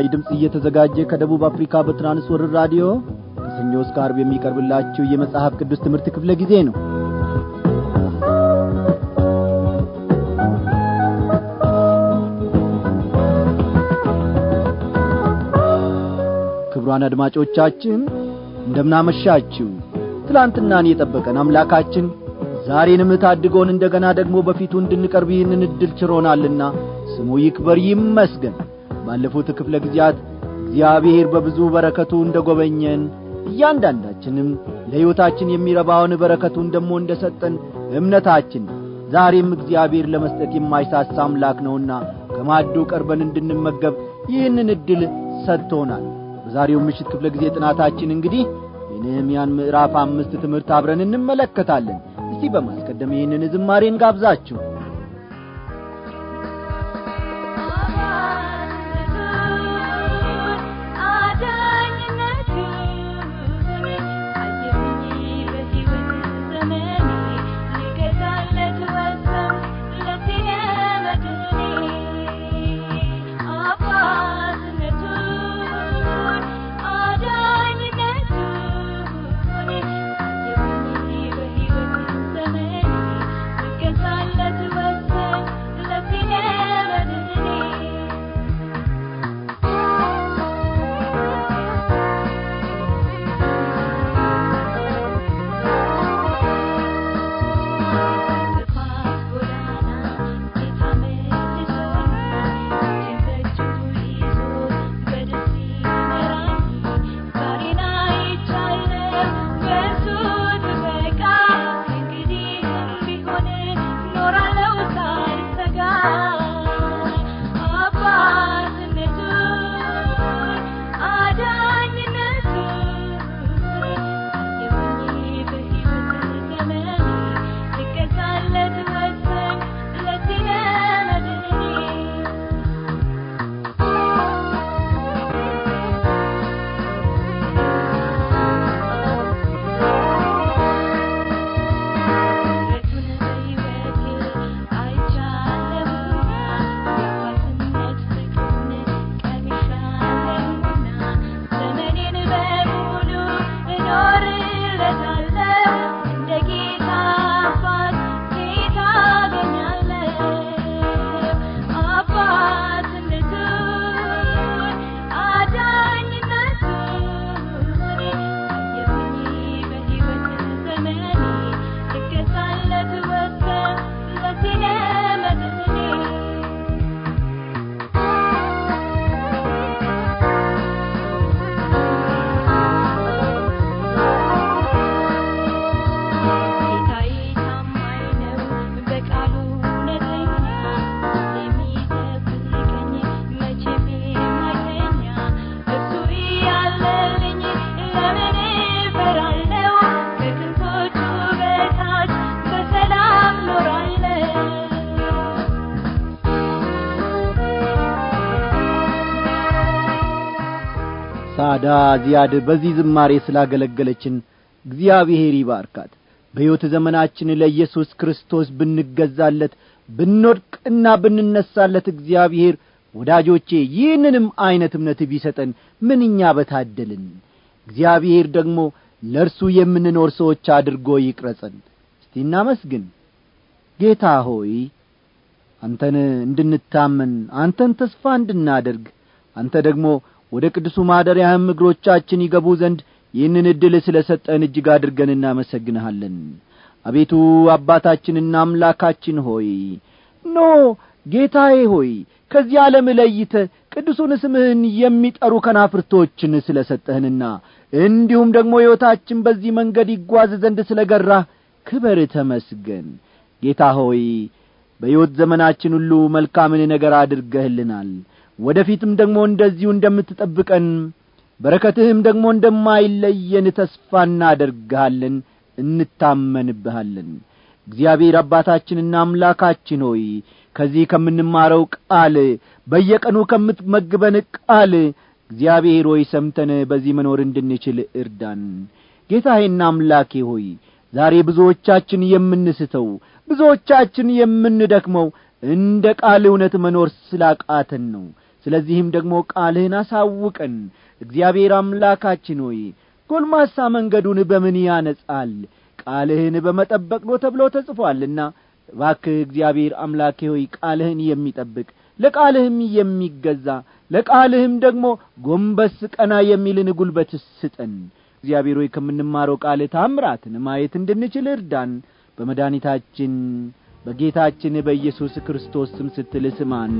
ለምስራች ድምፅ እየተዘጋጀ ከደቡብ አፍሪካ በትራንስ ወርልድ ራዲዮ ከሰኞ እስከ ዓርብ የሚቀርብላችሁ የመጽሐፍ ቅዱስ ትምህርት ክፍለ ጊዜ ነው። ክብሯን አድማጮቻችን እንደምናመሻችው ትላንትናን የጠበቀን አምላካችን ዛሬንም ታድጎን እንደገና ደግሞ በፊቱ እንድንቀርብ ይህንን ዕድል ችሮናልና ስሙ ይክበር ይመስገን። ባለፉት ክፍለ ጊዜያት እግዚአብሔር በብዙ በረከቱ እንደ ጐበኘን እያንዳንዳችንም ለሕይወታችን የሚረባውን በረከቱን ደግሞ እንደ ሰጠን እምነታችን ዛሬም እግዚአብሔር ለመስጠት የማይሳሳ አምላክ ነውና ከማዱ ቀርበን እንድንመገብ ይህንን ዕድል ሰጥቶናል። በዛሬው ምሽት ክፍለ ጊዜ ጥናታችን እንግዲህ ያን ምዕራፍ አምስት ትምህርት አብረን እንመለከታለን። እስቲ በማስቀደም ይህንን ዝማሬን ጋብዛችሁ ሳዳ ዚያድ በዚህ ዝማሬ ስላገለገለችን እግዚአብሔር ይባርካት በሕይወት ዘመናችን ለኢየሱስ ክርስቶስ ብንገዛለት ብንወድቅና ብንነሳለት እግዚአብሔር ወዳጆቼ ይህንንም ዐይነት እምነት ቢሰጠን ምንኛ በታደልን እግዚአብሔር ደግሞ ለእርሱ የምንኖር ሰዎች አድርጎ ይቅረጸን እስቲ እናመስግን ጌታ ሆይ አንተን እንድንታመን አንተን ተስፋ እንድናደርግ አንተ ደግሞ ወደ ቅዱሱ ማደሪያህም እግሮቻችን ይገቡ ዘንድ ይህንን ዕድል ስለ ሰጠን እጅግ አድርገን እናመሰግንሃለን አቤቱ አባታችንና አምላካችን ሆይ ኖ ጌታዬ ሆይ ከዚህ ዓለም ለይተ ቅዱሱን ስምህን የሚጠሩ ከናፍርቶችን ስለ ሰጠህንና እንዲሁም ደግሞ ሕይወታችን በዚህ መንገድ ይጓዝ ዘንድ ስለ ገራህ ክበር ተመስገን ጌታ ሆይ በሕይወት ዘመናችን ሁሉ መልካምን ነገር አድርገህልናል ወደፊትም ደግሞ እንደዚሁ እንደምትጠብቀን በረከትህም ደግሞ እንደማይለየን ተስፋ እናደርግሃለን እንታመንብሃለን እግዚአብሔር አባታችንና አምላካችን ሆይ ከዚህ ከምንማረው ቃል በየቀኑ ከምትመግበን ቃል እግዚአብሔር ሆይ ሰምተን በዚህ መኖር እንድንችል እርዳን ጌታዬና አምላኬ ሆይ ዛሬ ብዙዎቻችን የምንስተው ብዙዎቻችን የምንደክመው እንደ ቃል እውነት መኖር ስላቃተን ነው ስለዚህም ደግሞ ቃልህን አሳውቀን እግዚአብሔር አምላካችን ሆይ ጎልማሳ መንገዱን በምን ያነጻል ቃልህን በመጠበቅ ነው ተብሎ ተጽፏልና እባክህ እግዚአብሔር አምላኬ ሆይ ቃልህን የሚጠብቅ ለቃልህም የሚገዛ ለቃልህም ደግሞ ጐንበስ ቀና የሚልን ጒልበት ስጠን እግዚአብሔር ሆይ ከምንማረው ቃል ታምራትን ማየት እንድንችል እርዳን በመድኒታችን በጌታችን በኢየሱስ ክርስቶስ ስም ስትል ስማን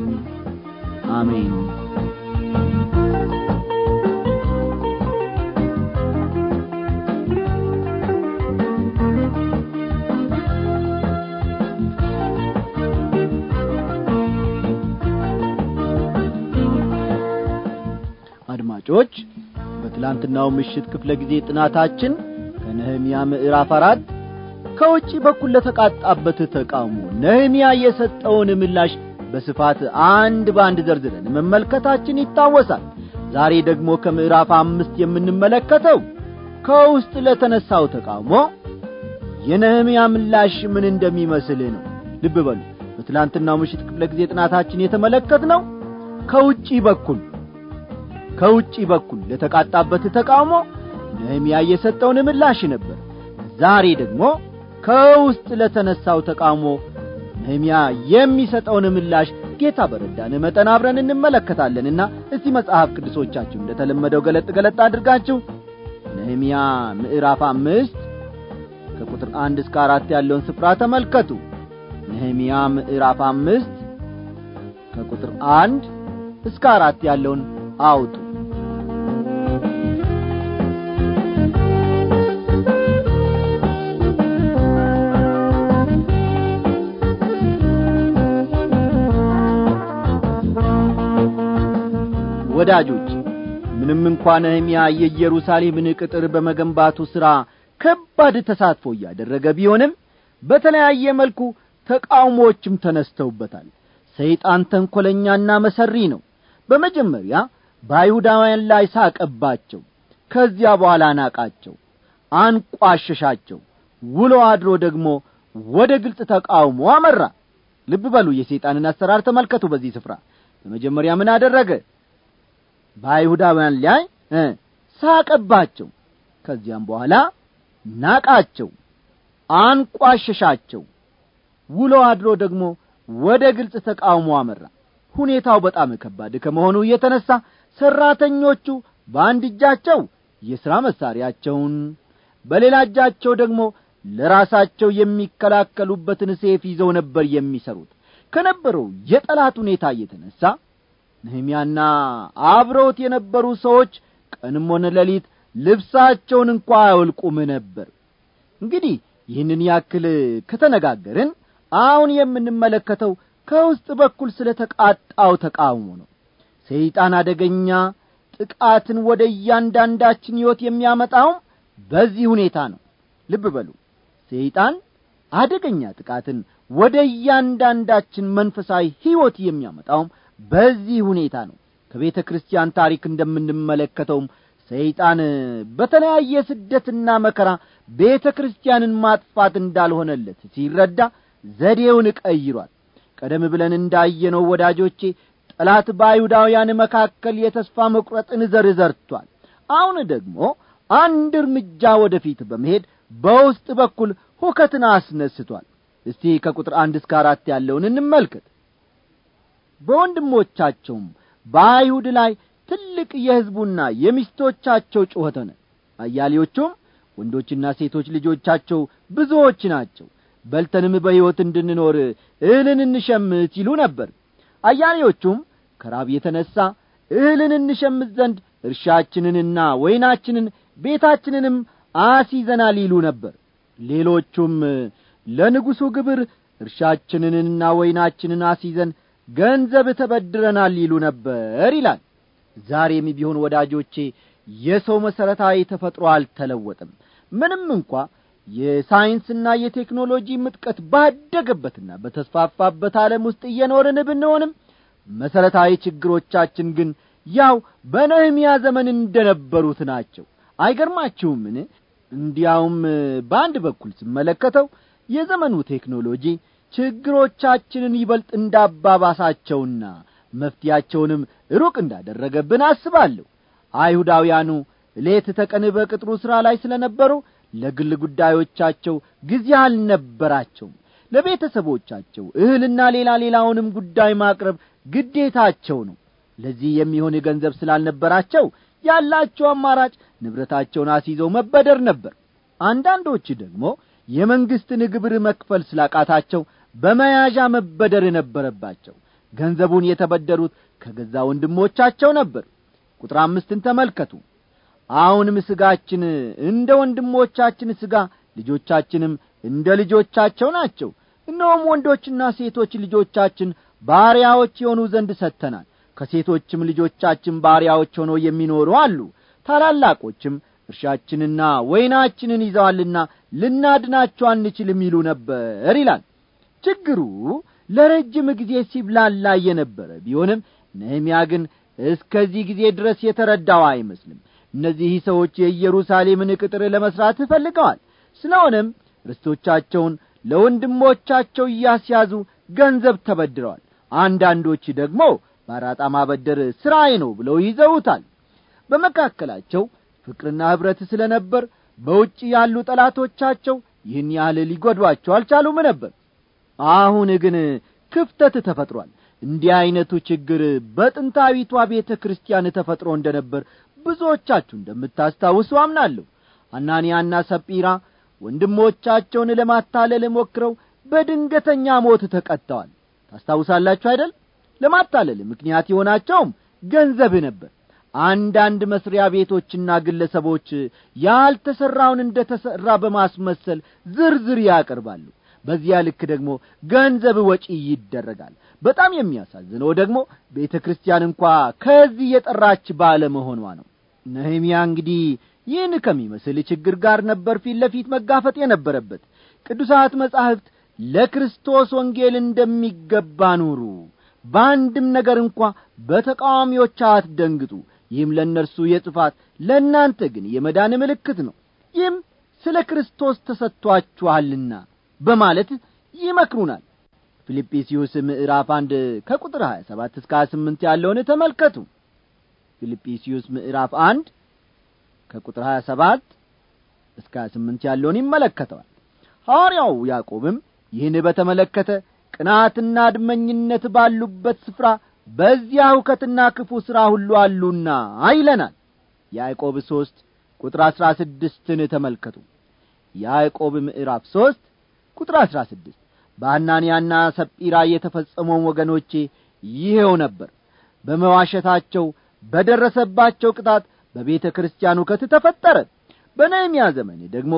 አሜን። አድማጮች በትላንትናው ምሽት ክፍለ ጊዜ ጥናታችን ከነህምያ ምዕራፍ አራት ከውጪ በኩል ለተቃጣበት ተቃውሞ ነህምያ የሰጠውን ምላሽ በስፋት አንድ በአንድ ዘርዝረን መመልከታችን ይታወሳል ዛሬ ደግሞ ከምዕራፍ አምስት የምንመለከተው ከውስጥ ለተነሳው ተቃውሞ የነህምያ ምላሽ ምን እንደሚመስል ነው ልብ በሉ በትላንትናው ምሽት ክፍለ ጊዜ ጥናታችን የተመለከት ነው ከውጪ በኩል ከውጪ በኩል ለተቃጣበት ተቃውሞ ነህምያ የሰጠውን ምላሽ ነበር ዛሬ ደግሞ ከውስጥ ለተነሳው ተቃውሞ ነህምያ የሚሰጠውን ምላሽ ጌታ በረዳን መጠን አብረን እንመለከታለንና እስቲ መጽሐፍ ቅዱሶቻችሁ እንደ ተለመደው ገለጥ ገለጥ አድርጋችሁ ነህምያ ምዕራፍ አምስት ከቁጥር አንድ እስከ አራት ያለውን ስፍራ ተመልከቱ ነህምያ ምዕራፍ አምስት ከቁጥር አንድ እስከ አራት ያለውን አውጡ ወዳጆች ምንም እንኳን ነህምያ የኢየሩሳሌምን ቅጥር በመገንባቱ ሥራ ከባድ ተሳትፎ እያደረገ ቢሆንም በተለያየ መልኩ ተቃውሞዎችም ተነስተውበታል ሰይጣን ተንኰለኛና መሰሪ ነው በመጀመሪያ በአይሁዳውያን ላይ ሳቀባቸው ከዚያ በኋላ ናቃቸው አንቋሸሻቸው ውሎ አድሮ ደግሞ ወደ ግልጽ ተቃውሞ አመራ ልብ በሉ የሰይጣንን አሰራር ተመልከቱ በዚህ ስፍራ በመጀመሪያ ምን አደረገ በአይሁዳውያን ላይ ሳቀባቸው ከዚያም በኋላ ናቃቸው አንቋሸሻቸው ውሎ አድሮ ደግሞ ወደ ግልጽ ተቃውሞ አመራ ሁኔታው በጣም ከባድ ከመሆኑ እየተነሳ ሠራተኞቹ በአንድ እጃቸው የሥራ መሣሪያቸውን በሌላ እጃቸው ደግሞ ለራሳቸው የሚከላከሉበትን ሴፍ ይዘው ነበር የሚሰሩት ከነበረው የጠላት ሁኔታ እየተነሳ። ነህምያና አብረውት የነበሩ ሰዎች ቀንም ሆነ ሌሊት ልብሳቸውን እንኳ አያውልቁም ነበር እንግዲህ ይህንን ያክል ከተነጋገርን አሁን የምንመለከተው ከውስጥ በኩል ስለ ተቃጣው ተቃውሞ ነው ሰይጣን አደገኛ ጥቃትን ወደ እያንዳንዳችን ሕይወት የሚያመጣውም በዚህ ሁኔታ ነው ልብ በሉ ሰይጣን አደገኛ ጥቃትን ወደ እያንዳንዳችን መንፈሳዊ ሕይወት የሚያመጣውም በዚህ ሁኔታ ነው ከቤተ ክርስቲያን ታሪክ እንደምንመለከተውም ሰይጣን በተለያየ ስደትና መከራ ቤተ ክርስቲያንን ማጥፋት እንዳልሆነለት ሲረዳ ዘዴውን ቀይሯል ቀደም ብለን እንዳየነው ወዳጆቼ ጠላት በአይሁዳውያን መካከል የተስፋ መቁረጥን ዘር ዘርቷል አሁን ደግሞ አንድ እርምጃ ወደፊት በመሄድ በውስጥ በኩል ሁከትን አስነስቷል እስቲ ከቁጥር አንድ እስከ አራት ያለውን እንመልከት በወንድሞቻቸውም በአይሁድ ላይ ትልቅ የሕዝቡና የሚስቶቻቸው ጩኸት ሆነ አያሌዎቹም ወንዶችና ሴቶች ልጆቻቸው ብዙዎች ናቸው በልተንም በሕይወት እንድንኖር እህልን እንሸምት ይሉ ነበር አያሌዎቹም ከራብ የተነሣ እህልን እንሸምት ዘንድ እርሻችንንና ወይናችንን ቤታችንንም አስይዘናል ይሉ ነበር ሌሎቹም ለንጉሡ ግብር እርሻችንንና ወይናችንን አስይዘን ገንዘብ ተበድረናል ይሉ ነበር ይላል ዛሬም ቢሆን ወዳጆቼ የሰው መሠረታዊ ተፈጥሮ አልተለወጥም ምንም እንኳ የሳይንስና የቴክኖሎጂ ምጥቀት ባደገበትና በተስፋፋበት ዓለም ውስጥ እየኖርን ብንሆንም መሠረታዊ ችግሮቻችን ግን ያው በነህምያ ዘመን እንደነበሩት ናቸው አይገርማችሁምን እንዲያውም በአንድ በኩል ስመለከተው የዘመኑ ቴክኖሎጂ ችግሮቻችንን ይበልጥ እንዳባባሳቸውና መፍትያቸውንም ሩቅ እንዳደረገብን አስባለሁ አይሁዳውያኑ ሌት ተቀን በቅጥሩ ሥራ ላይ ስለ ነበሩ ለግል ጉዳዮቻቸው ጊዜ አልነበራቸውም ለቤተሰቦቻቸው እህልና ሌላ ሌላውንም ጉዳይ ማቅረብ ግዴታቸው ነው ለዚህ የሚሆን የገንዘብ ስላልነበራቸው ያላቸው አማራጭ ንብረታቸውን አስይዘው መበደር ነበር አንዳንዶች ደግሞ የመንግሥትን ግብር መክፈል ስላቃታቸው በመያዣ መበደር የነበረባቸው ገንዘቡን የተበደሩት ከገዛ ወንድሞቻቸው ነበር ቁጥር አምስትን ተመልከቱ አሁንም ስጋችን እንደ ወንድሞቻችን ሥጋ ልጆቻችንም እንደ ልጆቻቸው ናቸው እነሆም ወንዶችና ሴቶች ልጆቻችን ባሪያዎች የሆኑ ዘንድ ሰጥተናል ከሴቶችም ልጆቻችን ባሪያዎች ሆኖ የሚኖሩ አሉ ታላላቆችም እርሻችንና ወይናችንን ይዘዋልና ልናድናቸው አንችልም ይሉ ነበር ይላል ችግሩ ለረጅም ጊዜ ሲብላላ የነበረ ቢሆንም ነህምያ ግን እስከዚህ ጊዜ ድረስ የተረዳው አይመስልም እነዚህ ሰዎች የኢየሩሳሌምን ቅጥር ለመሥራት እፈልገዋል ስለሆነም ርስቶቻቸውን ለወንድሞቻቸው እያስያዙ ገንዘብ ተበድረዋል አንዳንዶች ደግሞ በአራጣ ማበደር ሥራዬ ነው ብለው ይዘውታል በመካከላቸው ፍቅርና ኅብረት ስለ ነበር በውጭ ያሉ ጠላቶቻቸው ይህን ያህል ሊጐዷቸው አልቻሉም ነበር አሁን ግን ክፍተት ተፈጥሯል እንዲህ ዐይነቱ ችግር በጥንታዊቷ ቤተ ክርስቲያን ተፈጥሮ እንደ ነበር ብዙዎቻችሁ እንደምታስታውሱ አምናለሁ አናንያና ሰጲራ ወንድሞቻቸውን ለማታለል ሞክረው በድንገተኛ ሞት ተቀጥተዋል ታስታውሳላችሁ አይደል ለማታለል ምክንያት የሆናቸውም ገንዘብ ነበር አንዳንድ መስሪያ ቤቶችና ግለሰቦች ያልተሠራውን እንደ ተሠራ በማስመሰል ዝርዝር ያቀርባሉ በዚያ ልክ ደግሞ ገንዘብ ወጪ ይደረጋል በጣም የሚያሳዝነው ደግሞ ቤተ ክርስቲያን እንኳ ከዚህ የጠራች ባለመሆኗ ነው ነህምያ እንግዲህ ይህን ከሚመስል ችግር ጋር ነበር ፊት ለፊት መጋፈጥ የነበረበት ቅዱሳት መጻሕፍት ለክርስቶስ ወንጌል እንደሚገባ ኑሩ በአንድም ነገር እንኳ በተቃዋሚዎች አትደንግጡ ይህም ለእነርሱ የጥፋት ለእናንተ ግን የመዳን ምልክት ነው ይህም ስለ ክርስቶስ ተሰጥቶአችኋልና በማለት ይመክሩናል ፊልጵስዩስ ምዕራፍ አንድ ከቁጥር ሀያ ሰባት እስከ ሀያ ስምንት ያለውን ተመልከቱ ፊልጵስዩስ ምዕራፍ አንድ ከቁጥር ሀያ ሰባት እስከ ሀያ ስምንት ያለውን ይመለከተዋል ሐዋርያው ያዕቆብም ይህን በተመለከተ ቅናትና አድመኝነት ባሉበት ስፍራ በዚያ እውከትና ክፉ ሥራ ሁሉ አሉና ይለናል ያዕቆብ ሦስት ቁጥር አሥራ ስድስትን ተመልከቱ ያዕቆብ ምዕራፍ ሦስት ቁጥር አሥራ ስድስት በአናንያና ሰጲራ የተፈጸመውን ወገኖቼ ይኸው ነበር በመዋሸታቸው በደረሰባቸው ቅጣት በቤተ ክርስቲያኑ ከት ተፈጠረ በነህምያ ዘመኔ ደግሞ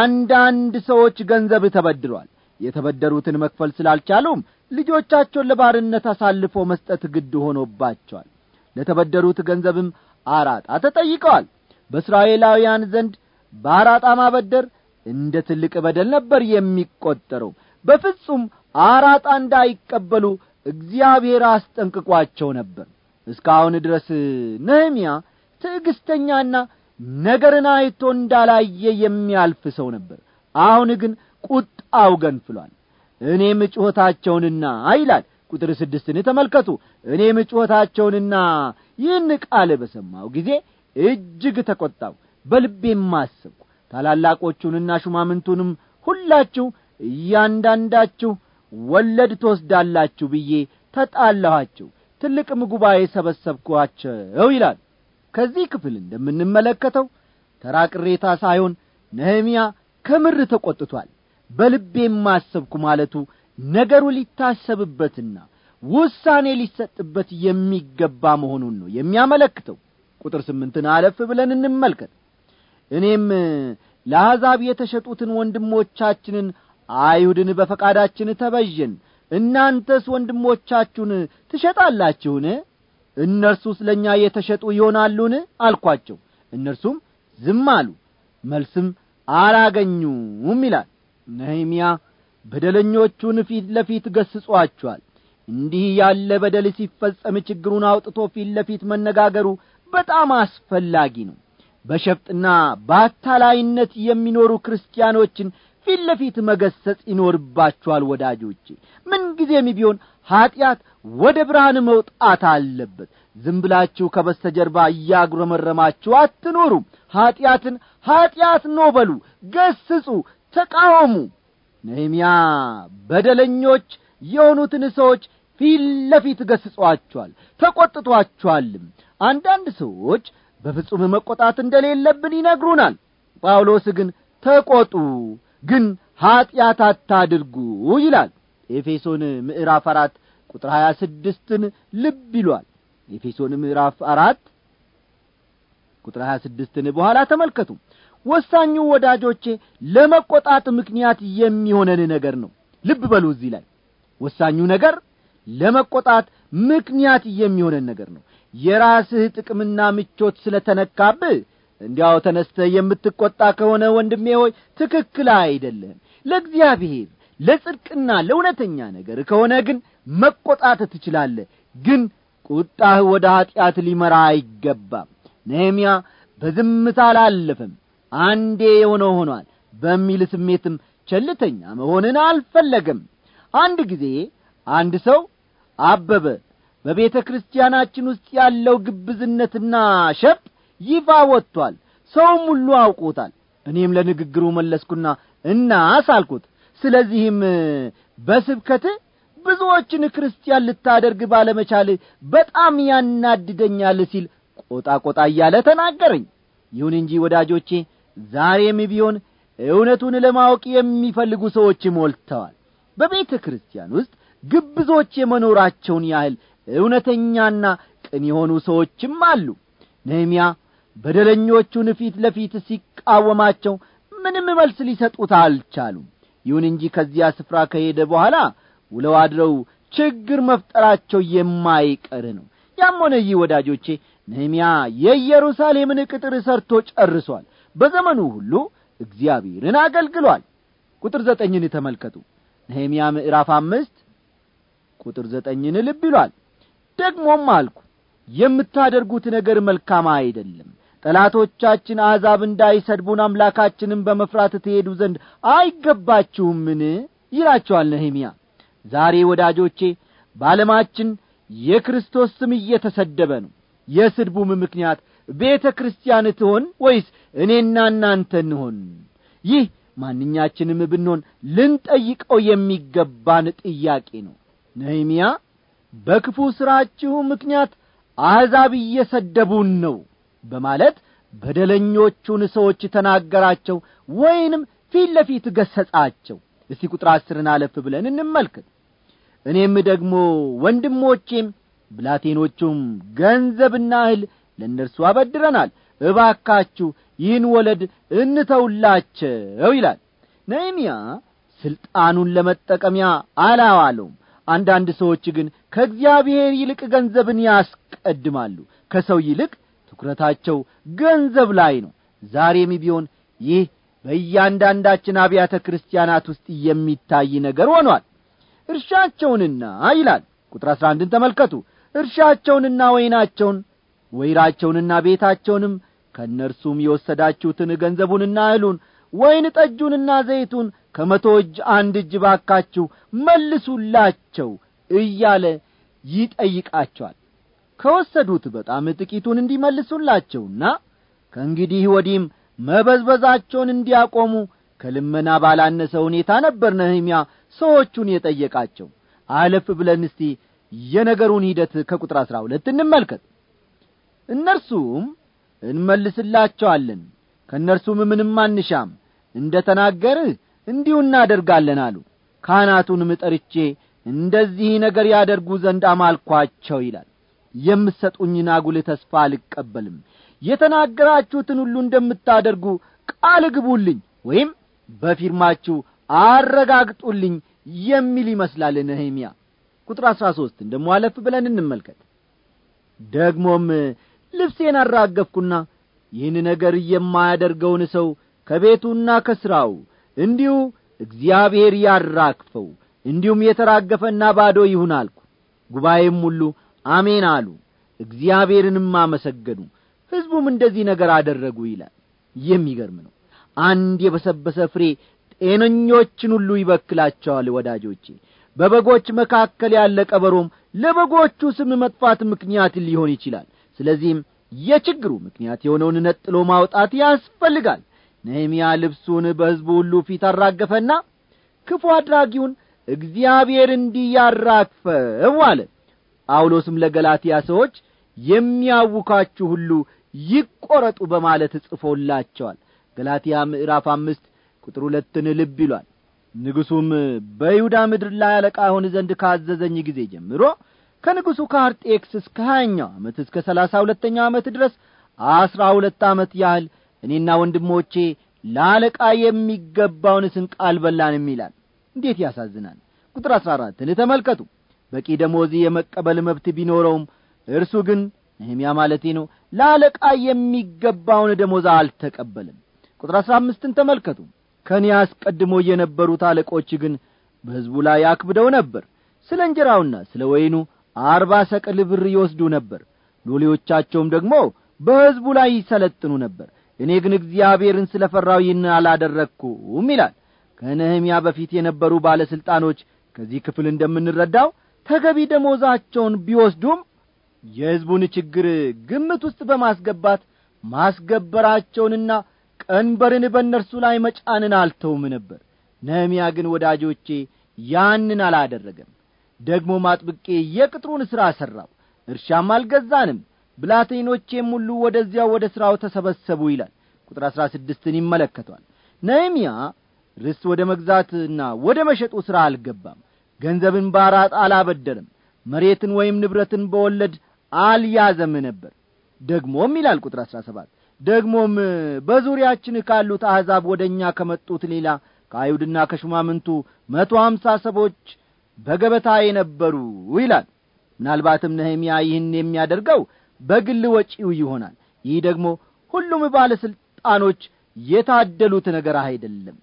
አንዳንድ ሰዎች ገንዘብ ተበድሯል የተበደሩትን መክፈል ስላልቻሉም ልጆቻቸውን ለባርነት አሳልፎ መስጠት ግድ ሆኖባቸዋል ለተበደሩት ገንዘብም አራጣ ተጠይቀዋል በእስራኤላውያን ዘንድ በአራጣ ማበደር እንደ ትልቅ በደል ነበር የሚቈጠረው በፍጹም አራጣ እንዳይቀበሉ እግዚአብሔር አስጠንቅቋቸው ነበር እስካሁን ድረስ ነህምያ ትዕግስተኛና ነገርን አይቶ እንዳላየ የሚያልፍ ሰው ነበር አሁን ግን ቁጣው ገንፍሏል እኔ ምጩኸታቸውንና ይላል ቁጥር ስድስትን ተመልከቱ እኔ ምጩኸታቸውንና ይህን ቃል በሰማው ጊዜ እጅግ ተቈጣው በልቤም አሰብሁ ታላላቆቹንና ሹማምንቱንም ሁላችሁ እያንዳንዳችሁ ወለድ ትወስዳላችሁ ብዬ ተጣላኋችሁ ትልቅም ጉባኤ ሰበሰብኳቸው ይላል ከዚህ ክፍል እንደምንመለከተው ተራ ቅሬታ ሳይሆን ነህምያ ከምር ተቈጥቷል በልቤም ማሰብኩ ማለቱ ነገሩ ሊታሰብበትና ውሳኔ ሊሰጥበት የሚገባ መሆኑን ነው የሚያመለክተው ቁጥር ስምንትን አለፍ ብለን እንመልከት እኔም ለአሕዛብ የተሸጡትን ወንድሞቻችንን አይሁድን በፈቃዳችን ተበዥን እናንተስ ወንድሞቻችሁን ትሸጣላችሁን እነርሱስ ለእኛ የተሸጡ ይሆናሉን አልኳቸው እነርሱም ዝም አሉ መልስም አላገኙም ይላል ነህምያ በደለኞቹን ፊት ለፊት ገስጿቸዋል እንዲህ ያለ በደል ሲፈጸም ችግሩን አውጥቶ ፊት ለፊት መነጋገሩ በጣም አስፈላጊ ነው በሸፍጥና በአታላይነት የሚኖሩ ክርስቲያኖችን ፊት ለፊት መገሰጽ ይኖርባችኋል ወዳጆቼ ምንጊዜም ቢሆን ኀጢአት ወደ ብርሃን መውጣት አለበት ዝም ብላችሁ ከበስተ ጀርባ እያጉረመረማችሁ አትኖሩ ኀጢአትን ኀጢአት ነው በሉ ገስጹ ተቃወሙ ነህምያ በደለኞች የሆኑትን ሰዎች ፊት ለፊት ገስጿቸዋል ተቈጥቶአቸዋልም አንዳንድ ሰዎች በፍጹም መቈጣት እንደሌለብን ይነግሩናል ጳውሎስ ግን ተቈጡ ግን ኀጢአት አታድርጉ ይላል ኤፌሶን ምዕራፍ አራት ቁጥር ሀያ ስድስትን ልብ ይሏል ኤፌሶን ምዕራፍ አራት ቁጥር ሀያ ስድስትን በኋላ ተመልከቱ ወሳኙ ወዳጆቼ ለመቈጣት ምክንያት የሚሆነን ነገር ነው ልብ በሉ እዚህ ላይ ወሳኙ ነገር ለመቈጣት ምክንያት የሚሆነን ነገር ነው የራስህ ጥቅምና ምቾት ስለ ተነካብህ እንዲያው ተነስተህ የምትቈጣ ከሆነ ወንድሜ ሆይ ትክክል አይደለም ለእግዚአብሔር ለጽድቅና ለእውነተኛ ነገር ከሆነ ግን መቈጣት ትችላለ ግን ቁጣህ ወደ ኀጢአት ሊመራ አይገባም ነህምያ በዝምታ አላለፈም አንዴ የሆነው ሆኗል በሚል ስሜትም ቸልተኛ መሆንን አልፈለገም አንድ ጊዜ አንድ ሰው አበበ በቤተ ክርስቲያናችን ውስጥ ያለው ግብዝነትና ሸብ ይፋ ወጥቷል ሰውም ሁሉ አውቆታል እኔም ለንግግሩ መለስኩና እና አልኩት ስለዚህም በስብከት ብዙዎችን ክርስቲያን ልታደርግ ባለመቻል በጣም ያናድደኛል ሲል ቆጣ ቆጣ እያለ ተናገረኝ ይሁን እንጂ ወዳጆቼ ዛሬም ቢሆን እውነቱን ለማወቅ የሚፈልጉ ሰዎች ሞልተዋል በቤተ ክርስቲያን ውስጥ ግብዞች የመኖራቸውን ያህል እውነተኛና ቅን የሆኑ ሰዎችም አሉ ነህምያ በደለኞቹን ፊት ለፊት ሲቃወማቸው ምንም መልስ ሊሰጡት አልቻሉም ይሁን እንጂ ከዚያ ስፍራ ከሄደ በኋላ ውለው አድረው ችግር መፍጠራቸው የማይቀር ነው ያም ሆነ ይህ ወዳጆቼ ነህምያ የኢየሩሳሌምን ቅጥር ሰርቶ ጨርሷል በዘመኑ ሁሉ እግዚአብሔርን አገልግሏል ቁጥር ዘጠኝን ተመልከቱ ነህምያ ምዕራፍ አምስት ቁጥር ዘጠኝን ልብ ይሏል ደግሞም አልኩ የምታደርጉት ነገር መልካም አይደለም ጠላቶቻችን አሕዛብ እንዳይሰድቡን አምላካችንን በመፍራት ትሄዱ ዘንድ አይገባችሁምን ይላቸዋል ነህምያ ዛሬ ወዳጆቼ በዓለማችን የክርስቶስ ስም እየተሰደበ ነው የስድቡም ምክንያት ቤተ ክርስቲያን ትሆን ወይስ እኔና እናንተ እንሆን ይህ ማንኛችንም ብንሆን ልንጠይቀው የሚገባን ጥያቄ ነው ነህምያ በክፉ ሥራችሁ ምክንያት አሕዛብ እየሰደቡን ነው በማለት በደለኞቹን ሰዎች ተናገራቸው ወይንም ፊት ለፊት ገሠጻቸው እስቲ ቁጥር አስርን አለፍ ብለን እንመልከት እኔም ደግሞ ወንድሞቼም ብላቴኖቹም ገንዘብና እህል ለእነርሱ አበድረናል እባካችሁ ይህን ወለድ እንተውላቸው ይላል ነህምያ ሥልጣኑን ለመጠቀሚያ አላዋለውም አንዳንድ ሰዎች ግን ከእግዚአብሔር ይልቅ ገንዘብን ያስቀድማሉ ከሰው ይልቅ ትኩረታቸው ገንዘብ ላይ ነው ዛሬም ቢሆን ይህ በእያንዳንዳችን አብያተ ክርስቲያናት ውስጥ የሚታይ ነገር ሆኗል እርሻቸውንና ይላል ቁጥር አሥራ አንድን ተመልከቱ እርሻቸውንና ወይናቸውን ወይራቸውንና ቤታቸውንም ከእነርሱም የወሰዳችሁትን ገንዘቡንና እህሉን ወይን ጠጁንና ዘይቱን ከመቶ እጅ አንድ እጅ ባካችሁ መልሱላቸው እያለ ይጠይቃቸዋል ከወሰዱት በጣም ጥቂቱን እንዲመልሱላቸውና ከእንግዲህ ወዲህም መበዝበዛቸውን እንዲያቆሙ ከልመና ባላነሰ ሁኔታ ነበር ነህምያ ሰዎቹን የጠየቃቸው አለፍ ብለን እስቲ የነገሩን ሂደት ከቁጥር አሥራ ሁለት እንመልከት እነርሱም እንመልስላቸዋለን ከእነርሱም ምንም አንሻም እንደ ተናገርህ እንዲሁ እናደርጋለን አሉ ካህናቱንም ጠርቼ እንደዚህ ነገር ያደርጉ ዘንድ አማልኳቸው ይላል የምትሰጡኝን አጉልህ ተስፋ አልቀበልም የተናገራችሁትን ሁሉ እንደምታደርጉ ቃል ግቡልኝ ወይም በፊርማችሁ አረጋግጡልኝ የሚል ይመስላል ነህምያ ቁጥር አሥራ ሦስትን ደሞ አለፍ ብለን እንመልከት ደግሞም ልብሴን አራገፍኩና ይህን ነገር የማያደርገውን ሰው ከቤቱና ከሥራው እንዲሁ እግዚአብሔር ያራክፈው እንዲሁም የተራገፈና ባዶ ይሁን አልኩ ጉባኤም ሁሉ አሜን አሉ እግዚአብሔርንም አመሰገኑ ሕዝቡም እንደዚህ ነገር አደረጉ ይላል የሚገርም ነው አንድ የበሰበሰ ፍሬ ጤነኞችን ሁሉ ይበክላቸዋል ወዳጆቼ በበጎች መካከል ያለ ቀበሮም ለበጎቹ ስም መጥፋት ምክንያት ሊሆን ይችላል ስለዚህም የችግሩ ምክንያት የሆነውን ነጥሎ ማውጣት ያስፈልጋል ነህምያ ልብሱን በሕዝቡ ሁሉ ፊት አራገፈና ክፉ አድራጊውን እግዚአብሔር እንዲህ ያራግፈው አለ ጳውሎስም ለገላትያ ሰዎች የሚያውካችሁ ሁሉ ይቈረጡ በማለት ጽፎላቸዋል ገላትያ ምዕራፍ አምስት ቁጥር ሁለትን ልብ ይሏል ንጉሡም በይሁዳ ምድር ላይ አለቃ ይሆን ዘንድ ካዘዘኝ ጊዜ ጀምሮ ከንጉሡ ከአርጤክስ እስከ ሀያኛው ዓመት እስከ ሰላሳ ሁለተኛው ዓመት ድረስ አስራ ሁለት ዓመት ያህል እኔና ወንድሞቼ ለአለቃ የሚገባውን ስንቅ በላንም ይላል እንዴት ያሳዝናል ቁጥር አሥራ አራትን ተመልከቱ በቂ ደሞዝ የመቀበል መብት ቢኖረውም እርሱ ግን ነህምያ ማለቴ ነው ለአለቃ የሚገባውን ደሞዛ አልተቀበልም ቁጥር አሥራ አምስትን ተመልከቱ ከእኔ አስቀድሞ የነበሩት አለቆች ግን በሕዝቡ ላይ አክብደው ነበር ስለ እንጀራውና ስለ ወይኑ አርባ ሰቅል ብር ይወስዱ ነበር ሎሌዎቻቸውም ደግሞ በሕዝቡ ላይ ይሰለጥኑ ነበር እኔ ግን እግዚአብሔርን ስለ ፈራው ይህን አላደረግኩም ይላል ከነህምያ በፊት የነበሩ ባለሥልጣኖች ከዚህ ክፍል እንደምንረዳው ተገቢ ደሞዛቸውን ቢወስዱም የሕዝቡን ችግር ግምት ውስጥ በማስገባት ማስገበራቸውንና ቀንበርን በእነርሱ ላይ መጫንን አልተውም ነበር ነህምያ ግን ወዳጆቼ ያንን አላደረገም ደግሞ ማጥብቄ የቅጥሩን ሥራ ሠራው እርሻም አልገዛንም ብላቴኖቼም ሁሉ ወደዚያው ወደ ሥራው ተሰበሰቡ ይላል ቁጥር አሥራ ስድስትን ይመለከቷል ነህምያ ርስት ወደ መግዛትና ወደ መሸጡ ሥራ አልገባም ገንዘብን ባራጥ አላበደርም መሬትን ወይም ንብረትን በወለድ አልያዘም ነበር ደግሞም ይላል ቁጥር አሥራ ሰባት ደግሞም በዙሪያችን ካሉት አሕዛብ ወደ እኛ ከመጡት ሌላ ከአይሁድና ከሹማምንቱ መቶ አምሳ ሰቦች በገበታ የነበሩ ይላል ምናልባትም ነህምያ ይህን የሚያደርገው በግል ወጪው ይሆናል ይህ ደግሞ ሁሉም ባለሥልጣኖች የታደሉት ነገር አይደለም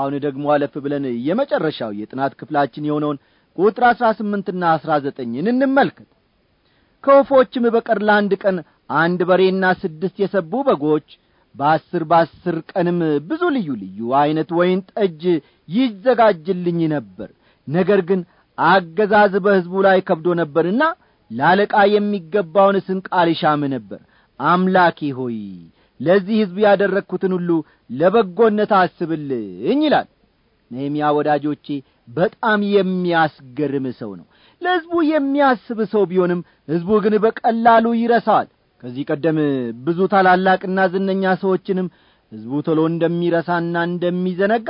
አሁን ደግሞ አለፍ ብለን የመጨረሻው የጥናት ክፍላችን የሆነውን ቁጥር አሥራ ስምንትና አሥራ ዘጠኝን እንመልከት ከወፎችም በቀር ለአንድ ቀን አንድ በሬና ስድስት የሰቡ በጎች በአስር በአስር ቀንም ብዙ ልዩ ልዩ ዐይነት ወይን ጠጅ ይዘጋጅልኝ ነበር ነገር ግን አገዛዝ በሕዝቡ ላይ ከብዶ ነበርና ላለቃ የሚገባውን ስን ቃል ይሻም ነበር አምላኬ ሆይ ለዚህ ሕዝብ ያደረግኩትን ሁሉ ለበጎነት አስብልኝ ይላል ነህምያ ወዳጆቼ በጣም የሚያስገርም ሰው ነው ለሕዝቡ የሚያስብ ሰው ቢሆንም ሕዝቡ ግን በቀላሉ ይረሳዋል ከዚህ ቀደም ብዙ ታላላቅና ዝነኛ ሰዎችንም ሕዝቡ ቶሎ እንደሚረሳና እንደሚዘነጋ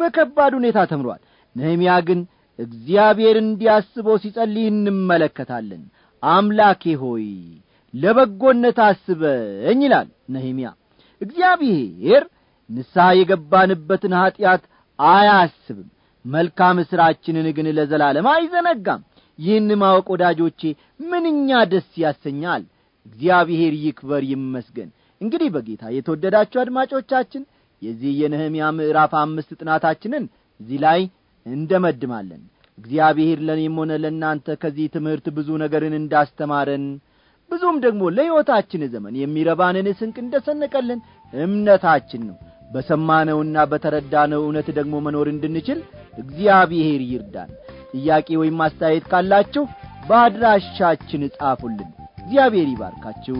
በከባድ ሁኔታ ተምሯል ነህምያ ግን እግዚአብሔር እንዲያስበው ሲጸልይ እንመለከታለን አምላኬ ሆይ ለበጎነት አስበኝ ይላል ነህምያ እግዚአብሔር ንስሐ የገባንበትን ኀጢአት አያስብም መልካም ሥራችንን ግን ለዘላለም አይዘነጋም ይህን ማወቅ ወዳጆቼ ምንኛ ደስ ያሰኛል እግዚአብሔር ይክበር ይመስገን እንግዲህ በጌታ የተወደዳችሁ አድማጮቻችን የዚህ የነህምያ ምዕራፍ አምስት ጥናታችንን እዚህ ላይ እንደመድማለን እግዚአብሔር ለእኔም ሆነ ለእናንተ ከዚህ ትምህርት ብዙ ነገርን እንዳስተማረን ብዙም ደግሞ ለሕይወታችን ዘመን የሚረባንን ስንቅ እንደ ሰነቀልን እምነታችን ነው በሰማነውና በተረዳነው እውነት ደግሞ መኖር እንድንችል እግዚአብሔር ይርዳን ጥያቄ ወይም አስተያየት ካላችሁ በአድራሻችን ጻፉልን እግዚአብሔር ይባርካችሁ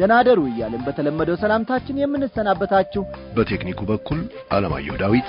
ደናደሩ እያለን በተለመደው ሰላምታችን የምንሰናበታችሁ በቴክኒኩ በኩል አለማየሁ ዳዊት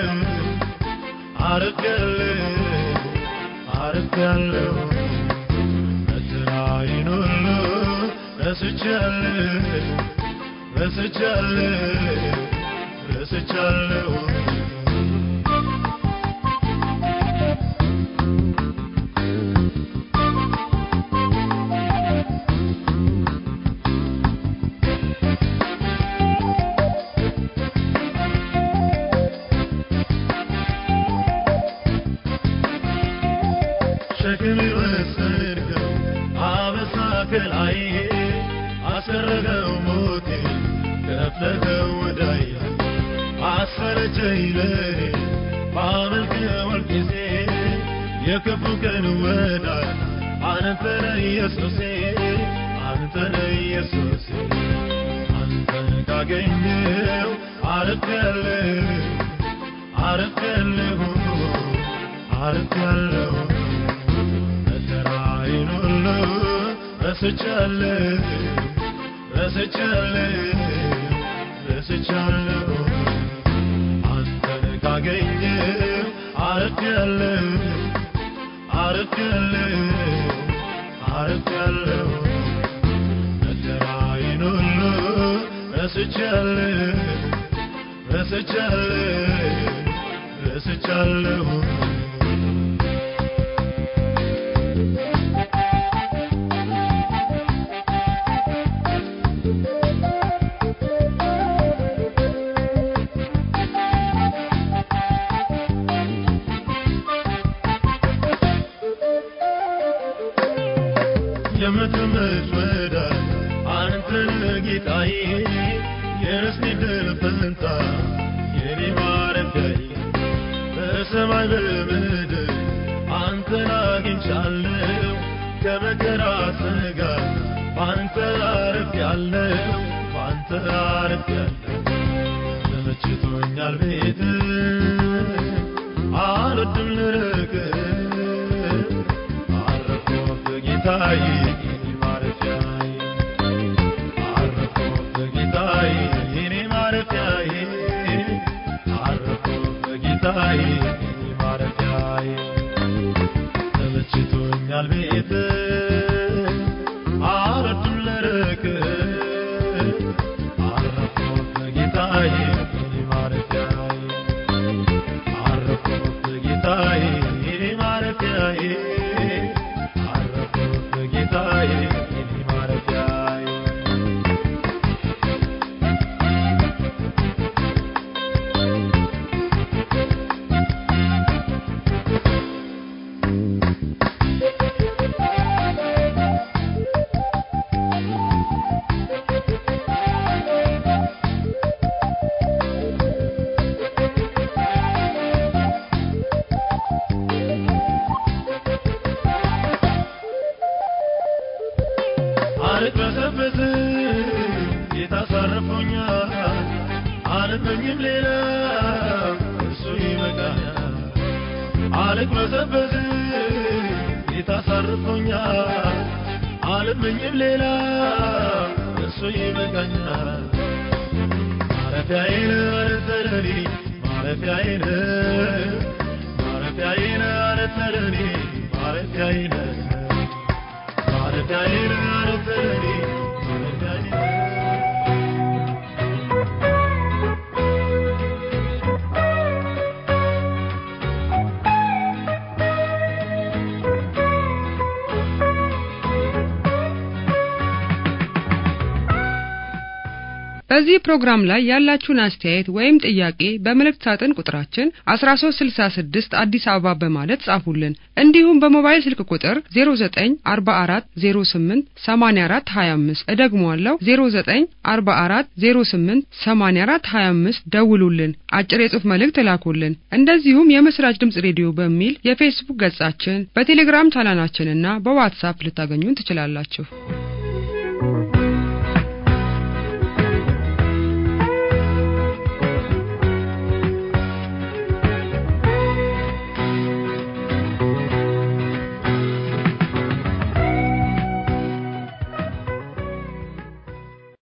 አርጋለሁ በስራዬን ሁሉ ረስቻለሁ ረስቻለሁ ረስቻለሁ ሳገኝ አርቄያለሁ አርቄያለሁ አርቄያለሁ መከራዬን ሁሉ ረስቻለሁ ረስቻለሁ ረስቻለሁ አውቃለሁ ባንተ አርፌያለሁ ተመችቶኛል ቤት አልወድም ልርቅ አረፎ በጌታዬ የኔ ማረፊያዬ አረፎ በጌታዬ የኔ ማረፊያዬ አረፎ በጌታዬ የኔ ማረፊያዬ ተመችቶኛል ቤትህ በዚህ ፕሮግራም ላይ ያላችሁን አስተያየት ወይም ጥያቄ በመልእክት ሳጥን ቁጥራችን 1366 አዲስ አበባ በማለት ጻፉልን። እንዲሁም በሞባይል ስልክ ቁጥር 0944088425 እደግመዋለሁ፣ 0944088425 ደውሉልን፣ አጭር የጽሑፍ መልእክት ተላኩልን። እንደዚሁም የምስራች ድምጽ ሬዲዮ በሚል የፌስቡክ ገጻችን፣ በቴሌግራም ቻናላችንና በዋትሳፕ ልታገኙን ትችላላችሁ።